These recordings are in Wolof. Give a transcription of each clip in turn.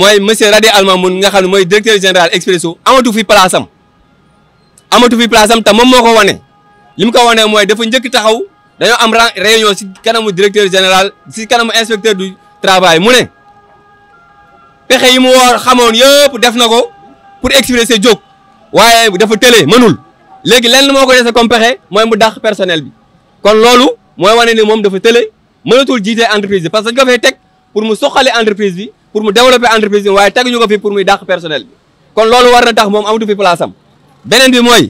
mooy monsieur Radé Almamoun nga xam ne mooy directeur général Expresso amatu fi place am amatu fi place am te moom moo ko wane li mu ko wane mooy dafa njëkk taxaw dañoo am réunion si kanamu directeur général si kanamu inspecteur du travail mu ne pexe yi mu war xamoon yëpp def na ko pour Expresso jóg waaye dafa tëlee mënul léegi lenn moo ko dese comme pexe mooy mu dàq personnel bi kon loolu mooy wane ni moom dafa tële mënatul jiite entreprise bi parce que dañ ko teg pour mu soxale bi. pour mu développer entreprise bi waaye teguñu ko fi pour muy dàq personnel kon loolu war na tax moom amatu fi place am beneen bi mooy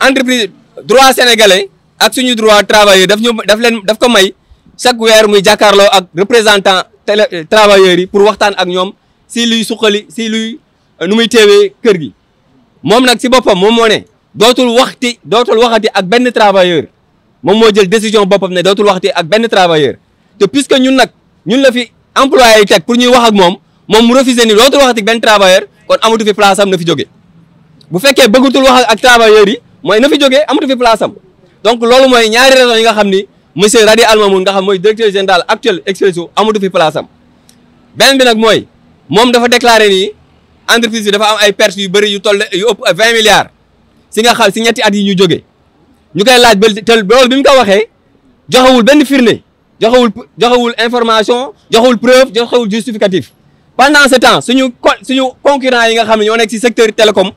entreprise droit sénégalais ak suñu droit travailleur daf ñu daf leen daf ko may chaque weer muy jàkkaarloo ak représentant télé travailleurs yi pour waxtaan ak ñoom si luy suqali si luy euh, nu muy teewee kër gi moom nag si boppam moom moo ne dootul waxti dootul waxati ak benn travailleur moom moo jël décision boppam ne dootul waxti ak benn travailleur ñun nag employé yi teg pour ñuy wax ak moom moom mu refusé ni dootul waxati benn travailleur kon amatu fi place am na fi jóge bu fekkee bëggatul wax ak travailleurs yi mooy na fi jógee amatu fi place am donc loolu mooy ñaari raison yi nga xam ni monsieur Radi Al Mamoun nga xam mooy directeur général actuel Expresso amatu fi place am benn bi nag mooy moom dafa déclaré nii entreprise bi dafa am ay pertes yu bëri yu toll yu ëpp vingt milliards si nga xam si ñetti at yi ñu jóge ñu koy laaj ba te loolu bi mu ko waxee joxewul benn firnde joxewul joxewul information joxewul preuve joxewul justificatif pendant ce temps suñu suñu concurrent yi nga xam ne ñoo nekk si secteur télécom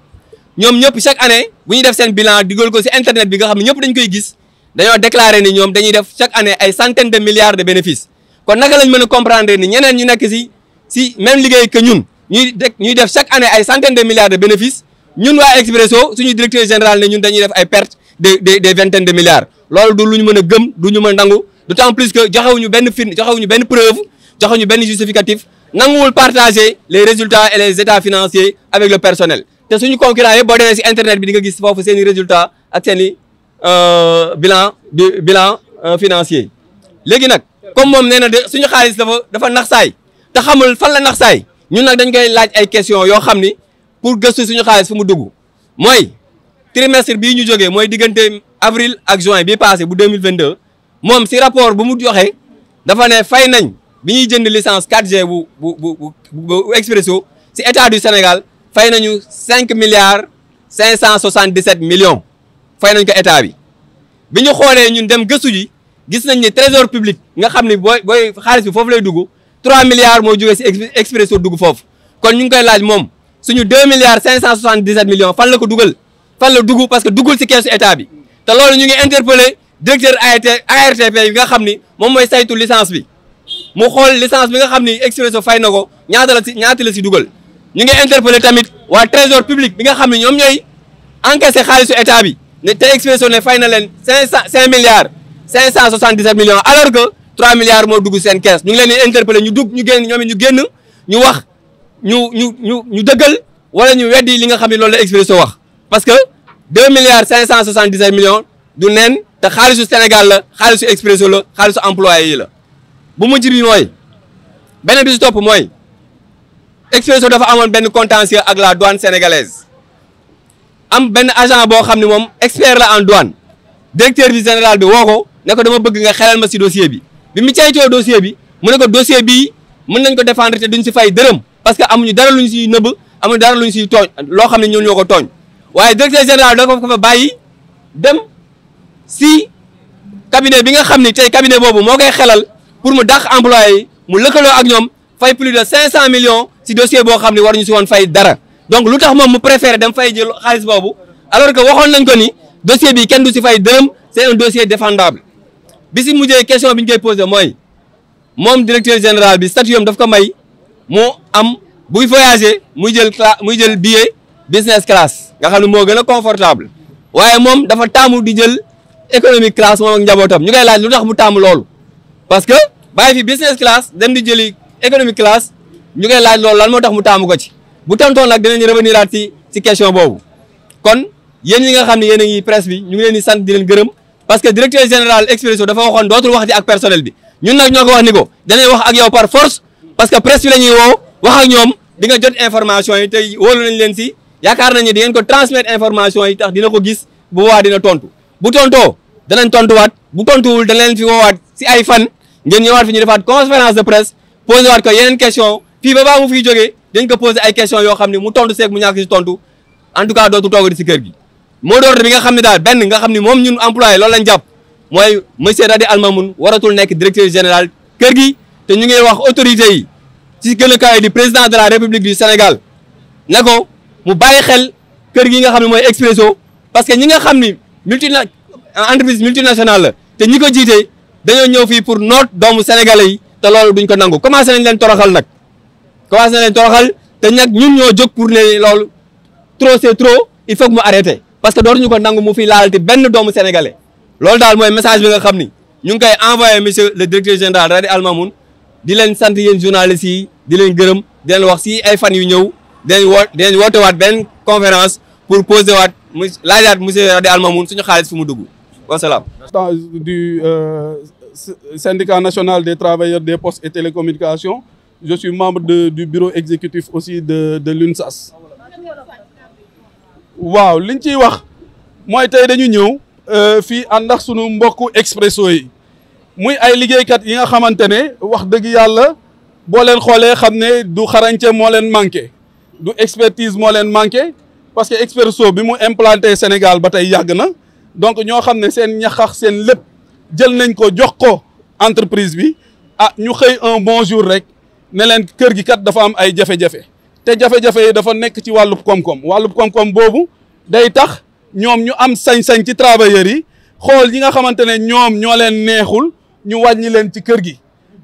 ñoom ñëpp chaque année bu ñu def seen bilan digal ko si internet bi nga xam ne ñëpp dañ koy gis dañoo déclaré ni ñoom dañuy def chaque année ay centaine de milliards de bénéfices kon naka lañ mën a comprendre ni ñeneen ñu nekk si si même liggéey que ñun ñuy ñuy def chaque année ay centaine de milliards de bénéfices ñun waa Expresso suñu directeur général ne ñun dañuy def ay pertes de des des vingtaines de milliards loolu du lu ñu mën a gëm du ñu mën a nangu d'autant plus que joxewuñu benn firnde joxewuñu benn preuve ñu benn justificatif nanguwul partager les résultats et les états financiers avec le personnel te suñu concurrent yëpp boo demee si internet bi di nga gis foofu seen i résultats ak seen i euh, bilan bilan euh, financier léegi nag comme moom nee na de suñu xaalis dafa dafa nax saay te xamul fan la nax ñu nag dañ koy laaj ay questions yoo xam ni pour gëstu suñu xaalis fu mu dugg mooy trimestre bii ñu jógee mooy diggante avril ak juin bii passé bu 2022 moom si rapport ba mu joxee dafa ne fay nañ bi ñuy jënd licence 4G bu bu bu bu Expresso si état du Sénégal fay nañu 5 milliards 577 millions fay nañ ko état bi. bi ñu xoolee ñun dem gëstu ji gis nañ ne trésor public nga xam ne booy booy xaalis bi foofu lay dugg 3 milliards moo jógee si Expresso dugg foofu kon ñu ngi koy laaj moom suñu 2 milliards 577 million fan la ko dugal fan la dugg parce que duggul si keesu état bi te ñu ngi directeur ARTP bi nga xam ni moom mooy saytu licence bi mu xool licence bi nga xam ni Expresso fay na ko ñaata la si ñaata la si dugal ñu ngi interpellé tamit waa trésor public bi nga xam ne ñoom ñooy encaissé xaalisu état bi ne te Expresso ne fay na leen cinq cent cinq milliards cinq cent soixante dix sept millions alors que trois milliards moo dugg seen caisse ñu ngi leen di interpellé ñu dugg ñu génn ñu génn ñu wax ñu ñu ñu ñu dëggal wala ñu weddi li nga xam ne loolu la Expresso wax parce que deux milliards cinq cent soixante dix du neen te xaalisu Sénégal la xaalisu Expresso la xaalisu employé yi la bu mujj bi beneen bi si mooy Expresso dafa amoon benn contentieux ak la douane sénégalaise am benn agent boo xam ne moom expert la en douane directeur bi général bi woo ko ne dama bëgg nga xelal ma si dossier bi bi mu caytoo dossier bi mu ne ko dossier bii mën nañ ko défendre te duñ si fay dërëm parce que amuñu dara luñ siy nëbb amuñu dara luñ siy tooñ loo xam ne ñoo ñoo ko tooñ waaye directeur général da ko fa bàyyi dem. si cabinet bi nga xam ni tey cabinet boobu moo koy xelal pour mu dàq employé yi mu lëkkaloo ak ñoom fay plus de 500 million si dossier boo xam ni ñu si woon fay dara donc lu tax moom mu préféré dem fay jël xaalis boobu alors que waxoon nañ ko ni dossier bi kenn du si fay dërëm c'est un dossier défendable bi si mu mujjee question bi ñu koy posé mooy moom directeur général bi statut am daf ko may mu am buy voyager muy jël cla muy jël billet business class nga xam ne moo gën a confortable économique classe moom ak njabootam ñu koy laaj lu tax mu tàmm loolu parce que bàyyi fi business class dem di jëli économique classe ñu koy laaj loolu lan moo tax mu taamu ko ci bu tontoon nag dinañ revenir aat ci ci question boobu kon yéen ñi nga xam ne yéen a ngi presse bi ñu ngi leen di sant di leen gërëm parce que directeur général Expresso dafa waxoon dootul wax di ak personnel bi ñun nag ñoo ko wax ni ko danañ wax ak yow par force parce que presse bi la wax ak ñoom di nga jot information yi tey wóolu nañ leen si yaakaar nañu di ngeen ko transmettre information yi tax dina ko gis bu dina tontu bu tontoo danañ tontuwaat bu tontuwul dana leen fi woowaat si ay fan ngeen ñëwaat fi ñu defaat conférence de presse posé waat ko yeneen question fii ba baa mu fiy jógee dañ ko posé ay question yoo xam ne mu tontu seeg mu ñàkk si tontu en tout cas dootu toogati si kër gi moo door bi nga xam ne daal benn nga xam ne moom ñun employé loolu lañ jàpp mooy monsieur Dadi Almamoun waratul nekk directeur général kër gi te ñu ngi wax autorités yi si gën a kaw di président de la république du Sénégal na ko mu bàyyi xel kër gi nga xam ne mooy Expresso parce que ñi nga xam ni multinationales entreprise multinationale la te ñi ko jiite dañoo ñëw fii pour noot doomu sénégalais yi te loolu duñ ko nangu commencé nañ leen toroxal nag commencé nañ leen toroxal te nag ñun ñoo jóg pour ne lool trop c'est trop il faut mu arrêté parce que ñu ko nangu mu fi laalati benn doomu sénégalais loolu daal mooy message bi nga xam ni ñu ngi koy envoyé monsieur le directeur général Radi Al Mamoun di leen sant yéen journalistes yi di leen gërëm di leen wax si ay fan yu ñëw di leen woo di leen waat benn conférence pour poser waat mu laajaat monsieur Radi Al Mamoun suñu xaalis fu mu dugg wasalaam. du euh, syndicat national des travailleurs des postes et télécommunications je suis membre de, du bureau exécutif aussi de de l'UNSAS waaw li ñu ciy wax mooy tey dañu ñëw euh, fii ànd ak sunu mbokku expresso yi muy ay liggéeykat yi nga xamante ne wax dëgg yàlla boo leen xoolee xam ne du xarañte moo leen manqué du expertise moo leen manqué parce que expresso bi mu implanté Sénégal ba tey yàgg na. donc ñoo xam ne seen ñaxax seen lépp jël nañ ko jox ko entreprise bi ah ñu xëy un bon jour rek ne leen kër gi kat dafa am ay jafe-jafe te jafe-jafe dafa nekk ci wàllub koom-koom wàllub boobu day tax ñoom ñu am sañ-sañ ci travailleurs yi xool ñi nga xamante ne ñoom ñoo leen neexul ñu wàññi leen ci kër gi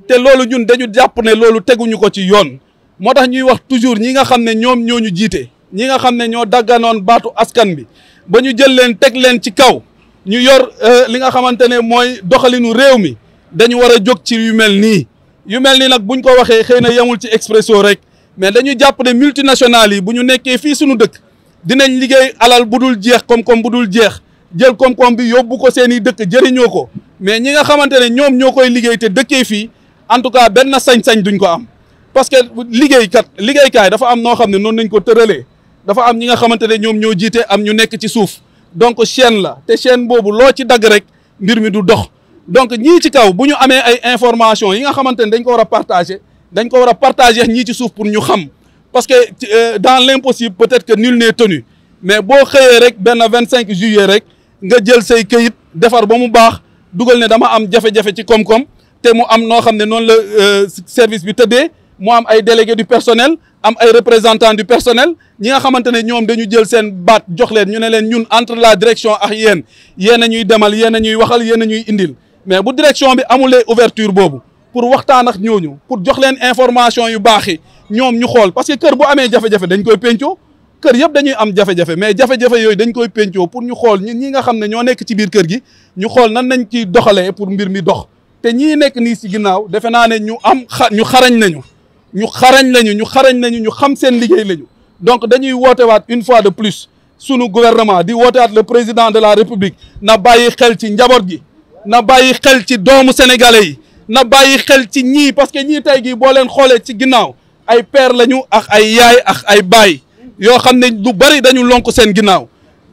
te loolu ñun dañu jàpp ne loolu teguñu ko ci yoon moo tax ñuy wax toujours ñi nga xam ne ñoom ñoo ñu jiite ñi nga xam ne ñoo dagganoon baatu askan bi ba ñu jël leen teg leen ci kaw ñu yor euh, li nga xamante ne mooy doxalinu réew mi dañu war a jóg ci yu mel nii yu mel nii nag buñ ko waxee xëy na yemul ci Expresso rek mais dañu jàpp ne multinationales yi bu ñu nekkee fii suñu dëkk dinañ liggéey alal bu dul jeex koom-koom bu dul jeex jël koom-koom bi yóbbu ko seen i dëkk jëriñoo ko mais ñi nga xamante ne ñoom ñoo koy liggéey te dëkkee fii en tout cas benn sañ-sañ duñ ko am parce que liggéeykat liggéeykaay dafa am noo xam ne noonu nañ ko tëralee dafa am ñi nga xamante ne ñoom ñoo jiite am ñu nekk ci suuf donc chaine la te chaine boobu loo ci dagg rek mbir mi du dox donc ñii ci kaw bu ñu amee ay information yi nga xamante ne dañ ko war a partager dañ ko war a partager ñii ci suuf pour ñu xam parce que euh, dans l'impossible peut-être que nul n'est tenu mais boo xëyee rek benn vingt cinq juillet rek nga jël say këyit defar ba mu baax dugal ne dama am jafe-jafe ci koom-koom te mu am noo xam ne noonu la euh, service bi tëddee mu am ay délégué du am ay représentant du personnel ñi nga xamante ne ñoom dañu jël seen baat jox leen ñu ne leen ñun entre la direction ak yéen yéen a ñuy demal yéen a ñuy waxal yéen ñuy indil mais bu direction bi amu amulee ouverture boobu pour waxtaan ak ñooñu pour jox leen information yu baax yi ñoom ñu xool parce que kër bu amee jafe-jafe dañ koy péncoo kër yëpp dañuy am jafe-jafe mais jafe yooyu dañ koy péncoo pour ñu xool ñun ñi nga xam ne ñoo nekk ci biir kër gi ñu xool nan nañ ciy doxalee pour mbir mi dox te ñii nekk nii si ginnaaw defe naa ne ñu am ñu xarañ nañu ñu xarañ lañu ñu xarañ lañu ñu xam seen liggéey lañu donc dañuy wootewaat une fois de plus sunu gouvernement di wootewaat le président de la république na bàyyi xel ci njaboot gi na bàyyi xel ci doomu sénégalais yi na bàyyi xel ci ñii parce que ñii tey gi boo leen xoolee ci ginnaaw ay père lañu ak ay yaay ak ay baay yoo xam ne lu bari dañu lonk seen ginnaaw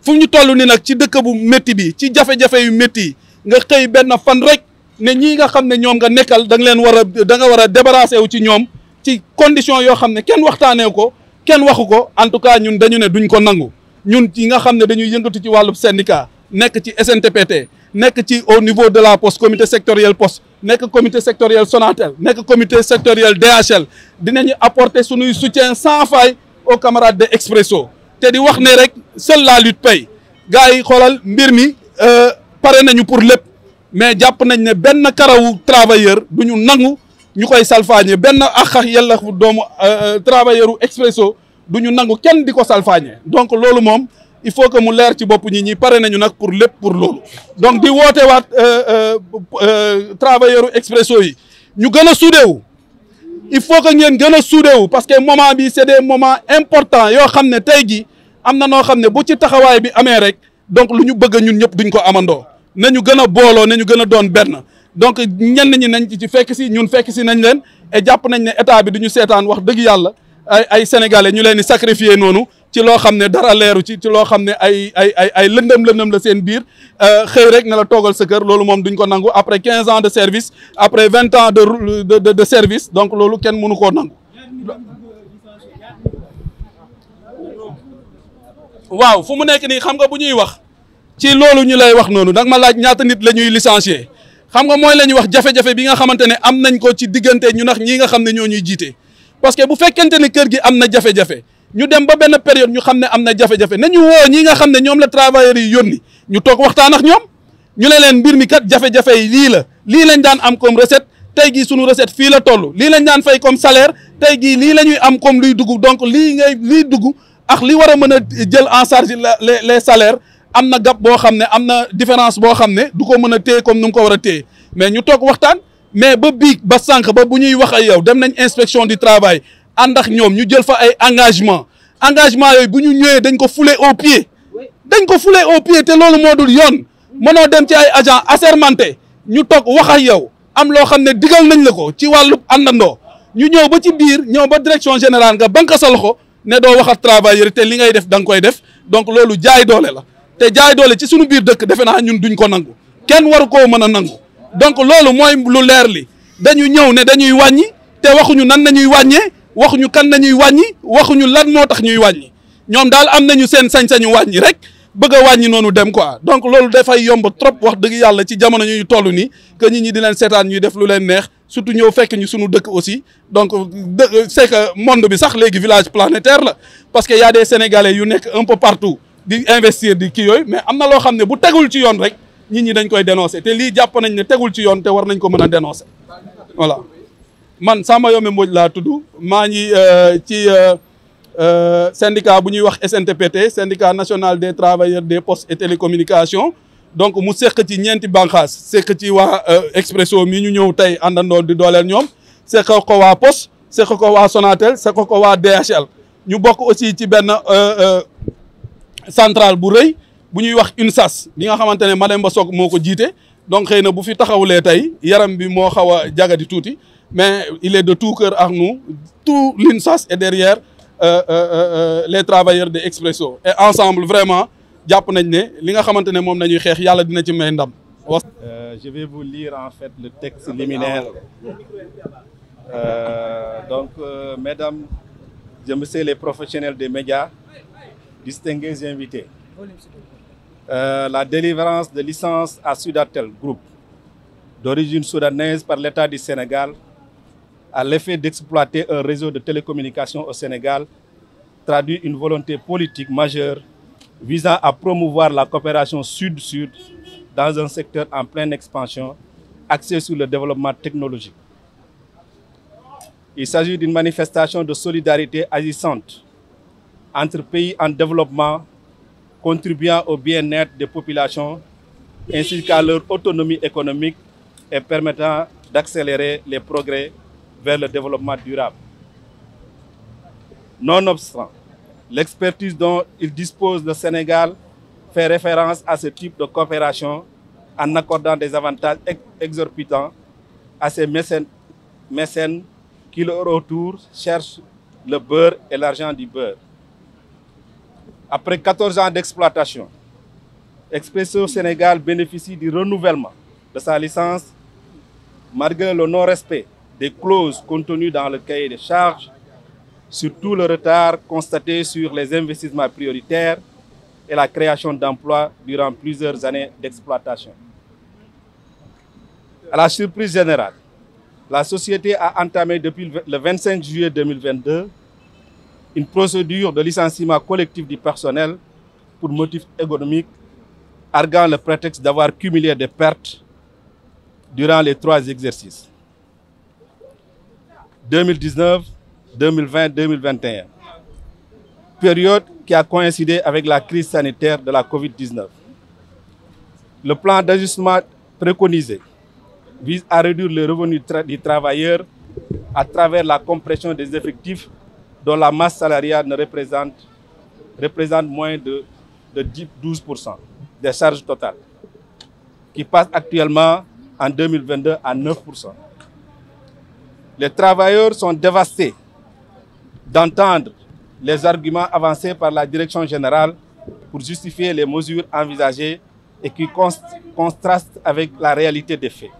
fu ñu toll ni nag ci dëkk bu métti bi ci jafe-jafe yu métti yi nga xëy benn fan rek ne ñii nga xam ne ñoom nga nekkal da leen war a da nga war a débarrassé wu ci ñoom ci condition yoo xam ne kenn waxtaanee ko kenn waxu ko en tout cas ñun dañu ne duñ ko nangu ñun ci nga xam ne dañuy yëngatu ci wàllu syndicat nekk ci SNTPT nekk ci au niveau de la poste comité sectoriel poste nekk comité sectoriel Sonatel nekk comité sectoriel DHL dinañu apporter suñuy soutien sans faille aux camarades de Expresso te di wax ne rek seule la lutte pay gars yi xoolal mbir mi euh, pare nañu pour lépp mais jàpp nañ ne benn karawu travailleur du ñu nangu ñu koy salfaañe benn ak ak yàlla doomu euh, euh, travailleur Expresso du ñu nangu kenn di ko salfaañe donc loolu moom il faut que mu leer ci bopp ñi ñi pare nañu nag pour lépp pour loolu donc di woote waat euh, travailleur Expresso yi ñu gën a suudeewu il faut que ngeen gën a suudeewu parce que moment bi c'est des moment important yoo xam ne tey jii am na noo xam ne bu ci taxawaay bi amee rek donc lu ñu bëgg ñun ñëpp duñ ko amandoo nañu gën a booloo nañu gën a doon benn donc ñenn ñi nañ ci fekk si ñun fekk si nañ leen e jàpp nañ ne état bi du ñu seetaan wax dëgg yàlla ay ay ñu leen di sacrifier noonu ci loo xam ne dara leeru ci ci loo xam ne ay ay ay ay lëndëm lëndëm la seen biir euh, xëy rek ne la toogal sa kër loolu moom duñ ko nangu après quinze ans de service après vingt ans de de de service donc loolu kenn mënu koo nangu. waaw fu mu nekk nii xam nga bu ñuy wax ci loolu ñu lay wax noonu danga ma laaj ñaata nit la ñuy licencier. xam nga mooy la ñuy wax jafe-jafe bi nga xamante ne am nañ ko ci diggante ñu nax ñi nga xam ne ñoo ñuy jiite parce que bu fekkente ne kër gi am na jafe-jafe ñu dem ba benn période ñu xam ne am na jafe-jafe ñu woo ñi nga xam ne ñoom la travailleurs yi yónni ñu toog waxtaan ak ñoom ñu ne leen mbir mi kat jafe-jafe yi lii la lii lañ daan am comme recette tey gii suñu recette fii la toll lii lañ daan fay comme salaire tey gii lii la ñuy am comme luy dugg donc lii ngay liy dugg ak li war a mën a jël en charge les les salaires am na gap boo xam ne am na différence boo xam ne du ko mën a téye comme nu mu ko war a téye mais ñu toog waxtaan mais ba biig ba sànq ba bu ñuy wax ay yow dem nañ inspection du travail ànd ak ñoom ñu jël fa ay engagement engagement yooyu bu ñu ñëwee dañ ko fule au pied dañ ko fule au pied te loolu moo dul yoon mënoo dem ci ay agent assermenté ñu toog wax ak yow am loo xam ne digal nañ la ko ci wàllu àndandoo ñu ñëw ba ci biir ñëw ba direction générale nga banque sa loxo ne doo wax ak travailleur te li ngay def da koy def donc loolu jaay doole la te jaay doole ci suñu biir dëkk defe naa ñun duñ ko nangu kenn waru koo mën a nangu donc loolu mooy lu leer li dañu ñëw ne dañuy wàññi te waxuñu nan nañuy wàññee waxuñu kan nañuy wàññi waxuñu lan moo tax ñuy wàññi ñoom daal am nañu seen sañ-sañu wàññi rek bëgg a wàññi noonu dem ko donc loolu dafay yomb trop wax dëgg yàlla ci jamono ñuy toll nii que nit ñi di leen seetaan ñuy def lu leen neex surtout ñëw fekk ñu suñu dëkk aussi donc c'est que monde bi sax léegi village planétaire la parce que y a des yu nekk un peu partout di investir di kii yooyu mais am na loo xam ne bu tegul ci yoon rek nit ñi dañ koy dénoncer te lii jàpp nañ ne tegul ci yoon te war nañ ko mën a dénoncer voilà man Samba Yombe Mbodj laa tudd maa ngi euh, ci euh, euh, syndicat bu ñuy wax SNTPT syndicat national des travailleurs des postes et télécommunications donc mu seq ci ñeenti bànqaas seq ci wa Expresso mi ñu ñëw tey àndandoo di dooleel ñoom seq ko waa Poste seq ko wa Sonatel seq ko waa DHL ñu bokk aussi ci benn centrale bu rëy bu ñuy wax UNSAS li nga xamante ne Mademba Sock moo ko jiite donc xëy na bu fi taxawulee tey yaram bi moo xaw a jagadi tuuti mais il est de tout cœur ak nous tout l'UNSAS est derrière euh euh, euh, euh, les travailleurs de Expresso et ensemble vraiment jàpp nañ ne li nga xamante ne moom ñuy xeex yàlla dina ci may ndam. Euh, je vais vous lire en fait le texte liminaire euh, donc mesdames et messieurs les professionnel des médias distingués invités, euh, la délivrance de licence à Sudatel Group, d'origine soudanaise par l'État du Sénégal, à l'effet d'exploiter un réseau de télécommunications au Sénégal, traduit une volonté politique majeure visant à promouvoir la coopération sud-sud dans un secteur en pleine expansion, axé sur le développement technologique. Il s'agit d'une manifestation de solidarité agissante entre pays en développement contribuant au bien-être des populations ainsi qu'à leur autonomie économique et permettant d'accélérer les progrès vers le développement durable. Nonobstant, l'expertise dont il dispose le Sénégal fait référence à ce type de coopération en accordant des avantages exorbitants à ces mécènes, mécènes qui, leur retour, cherchent le beurre et l'argent du beurre. Après 14 ans d'exploitation, Expresso Sénégal bénéficie du renouvellement de sa licence malgré le non-respect des clauses contenues dans le cahier des charges, surtout le retard constaté sur les investissements prioritaires et la création d'emplois durant plusieurs années d'exploitation. À la surprise générale, la société a entamé depuis le 25 juillet 2022 une procédure de licenciement collectif du personnel pour motif économique, arguant le prétexte d'avoir cumulé des pertes durant les trois exercices 2019, 2020, 2021, période qui a coïncidé avec la crise sanitaire de la covid Le plan d'ajustement préconisé vise à réduire les revenus tra des à travers la compression des effectifs dont la masse salariale ne représente, représente moins de, de 10, 12% des charges totales, qui passe actuellement en 2022 à 9%. Les travailleurs sont dévastés d'entendre les arguments avancés par la direction générale pour justifier les mesures envisagées et qui contrastent avec la réalité des faits.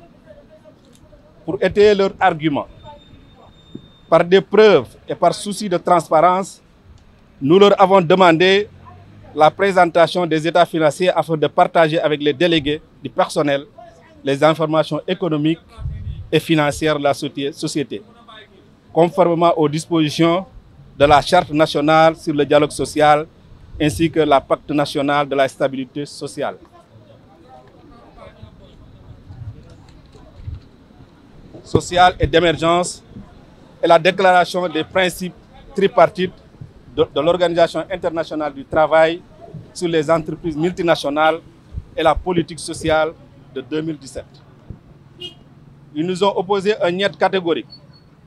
Pour étayer leurs arguments, par des preuves et par souci de transparence, nous leur avons demandé la présentation des états financiers afin de partager avec les délégués du personnel les informations économiques et financières de la société, conformément aux dispositions de la Charte nationale sur le dialogue social ainsi que la Pacte national de la stabilité sociale. sociale et d'émergence et la déclaration des principes tripartites de, de l'Organisation internationale du travail sur les entreprises multinationales et la politique sociale de 2017. Ils nous ont opposé un niet catégorique,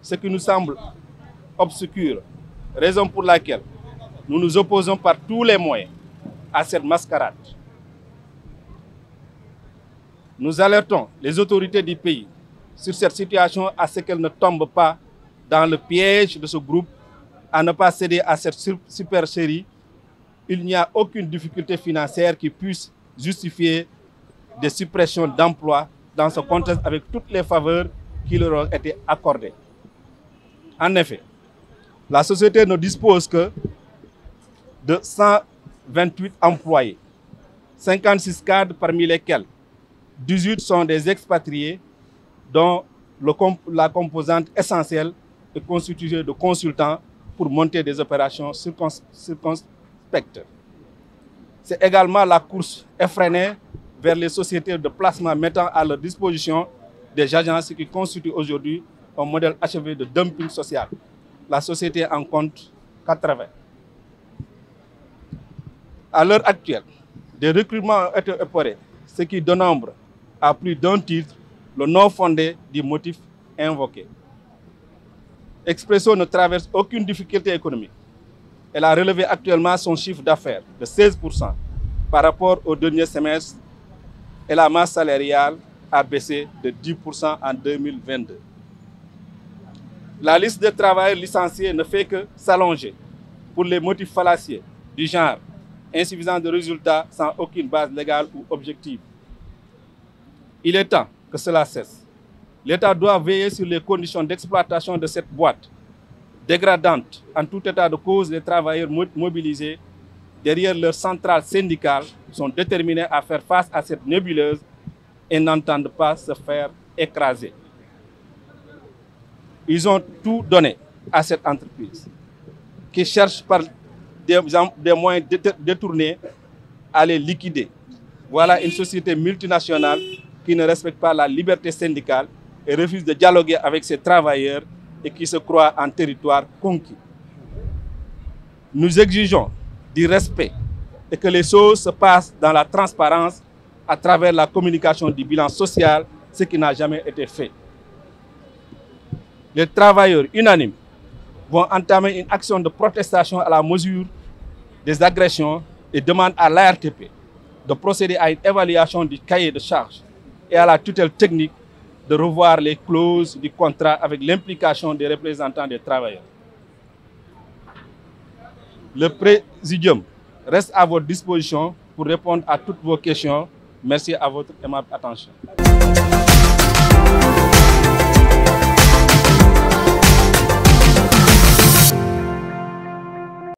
ce qui nous semble obscur, raison pour laquelle nous nous opposons par tous les moyens à cette mascarade. Nous alertons les autorités du pays sur cette situation à ce qu'elle tombe pas dans le piège de ce groupe, à ne pas céder à cette supercherie, il n'y a aucune difficulté financière qui puisse justifier des suppressions d'emplois dans ce contexte avec toutes les faveurs qui leur ont été accordées. En effet, la société ne dispose que de 128 employés, 56 cadres parmi lesquels 18 sont des expatriés dont le comp la composante essentielle est constitué de consultants pour monter des opérations circonspectes. C'est également la course effrénée vers les sociétés de placement mettant à leur disposition des agences qui constituent aujourd'hui un modèle achevé de dumping social. La société en compte 80. À l'heure actuelle, des recrutements ont été qui donne nombre à plus d'un titre le non fondé du motif invoqué. Expresso ne traverse aucune difficulté économique. Elle a relevé actuellement son chiffre d'affaires de 16% par rapport au dernier semestre et la masse salariale a baissé de 10% en 2022. La liste de travailleurs licenciés ne fait que s'allonger pour les motifs fallacieux du genre insuffisance de résultats sans aucune base légale ou objective. Il est temps que cela cesse. L'État doit veiller sur les conditions d'exploitation de cette boîte, dégradante en tout état de cause les travailleurs mobilisés derrière leur centrale syndicale sont déterminés à faire face à cette nébuleuse et n'entendent pas se faire écraser. Ils ont tout donné à cette entreprise qui cherche par des, des moyens détournés à les liquider. Voilà une société multinationale qui ne respecte pas la liberté syndicale et de dialoguer avec ses travailleurs et qui se croient en territoire conquis. Nous exigeons du respect et que les choses se passent dans la transparence à travers la communication du bilan social, ce qui n'a jamais été fait. Les travailleurs unanimes vont entamer une action de protestation à la mesure des agressions et demandent à l'ARTP de procéder à une évaluation du cahier de charges et à la tutelle technique de revoir les clauses du contrat avec l'implication des représentants des travailleurs. Le présidium reste à votre disposition pour répondre à toutes vos questions. Merci à votre aimable attention.